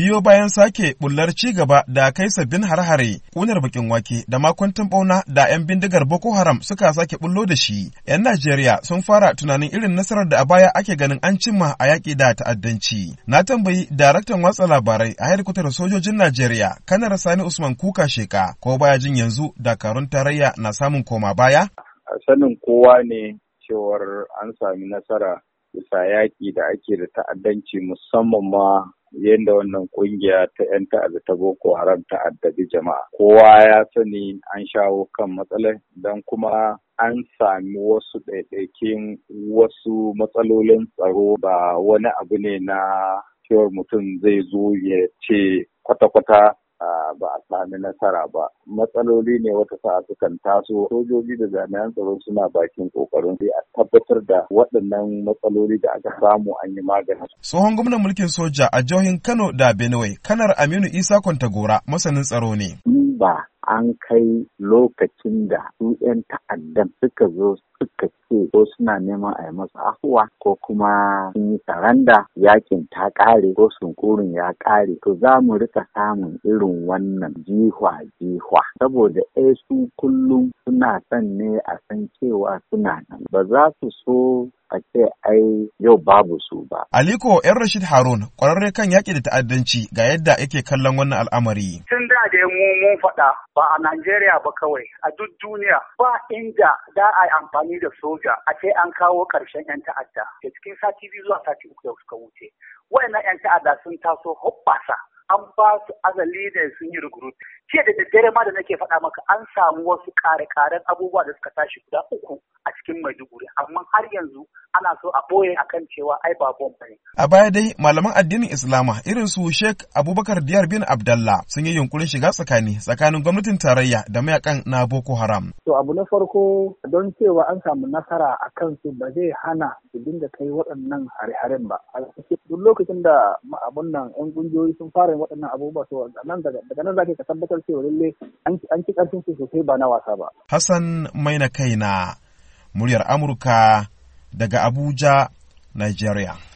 biyo bayan sake bullar ci gaba da kai sabbin harhare kunar bakin wake da makwantin bauna da 'yan bindigar boko haram suka sake bullo da shi 'yan najeriya sun fara tunanin irin nasarar da a baya ake ganin an cimma a yaƙi da ta'addanci na tambayi daraktan watsa labarai a hedkwatar sojojin najeriya kanar sani usman kuka sheka ko baya jin yanzu da dakarun tarayya na samun koma baya A sanin kowa ne cewar an sami nasara bisa yaƙi da ake da ta'addanci musamman ma yadda wannan kungiya ta 'yan ta'adda ta boko haram ta addabi jama'a kowa ya sani an shawo kan matsalar don kuma an sami wasu ɗaiɗaikin wasu matsalolin tsaro ba wani abu ne na cewar mutum zai zo ya ce kwata-kwata ba a sami nasara ba matsaloli ne wata sa'a sukan taso sojoji da jami'an tsaro suna bakin kokarin sai a tabbatar da waɗannan matsaloli da aka samu an yi magana. Tsohon gwamnan mulkin soja a jihohin Kano da Benue, Kanar Aminu Isa Kwantagora masanin tsaro ne. ba an kai lokacin da su 'yan ta'addan suka zo suka ce ko suna neman a yi masu afuwa ko kuma sun yi saranda yakin ta ƙare ko sunkurin ya ƙare to za mu rika samun irin wannan jihwa jihwa saboda eh su kullum suna son ne a san cewa suna nan ba za su so a ce ai yau babu su ba. Aliko 'yan Rashid Harun kwararre kan yaƙi da ta'addanci ga yadda ake kallon wannan al'amari. sai mun mun faɗa ba a Najeriya ba kawai a duk duniya ba inda za a yi amfani da soja a ce an kawo ƙarshen 'yan ta'adda da cikin sati biyu zuwa sati uku da suka wuce. na 'yan ta'adda sun taso hoɓɓasa an ba su azali ne sun yi rugurut jiya da daddare ma da nake faɗa maka an samu wasu kare-karen abubuwa da suka tashi guda uku a cikin maiduguri amma har yanzu ana so a ɓoye akan cewa ai ba bom bane a baya dai malaman addinin islama irin su sheikh abubakar diyar bin abdallah sun yi yunkurin shiga tsakani tsakanin gwamnatin tarayya da mayakan na boko haram to abu na farko don cewa an samu nasara a kan su ba zai hana su dinga kai waɗannan hare-haren ba duk lokacin da abun nan 'yan ƙungiyoyi sun fara waɗannan abubuwa to nan daga nan zaka ka tabbatar cewa lalle an ci karfin su sosai ba na wasa ba Hassan Maina kaina muryar Amurka daga Abuja Nigeria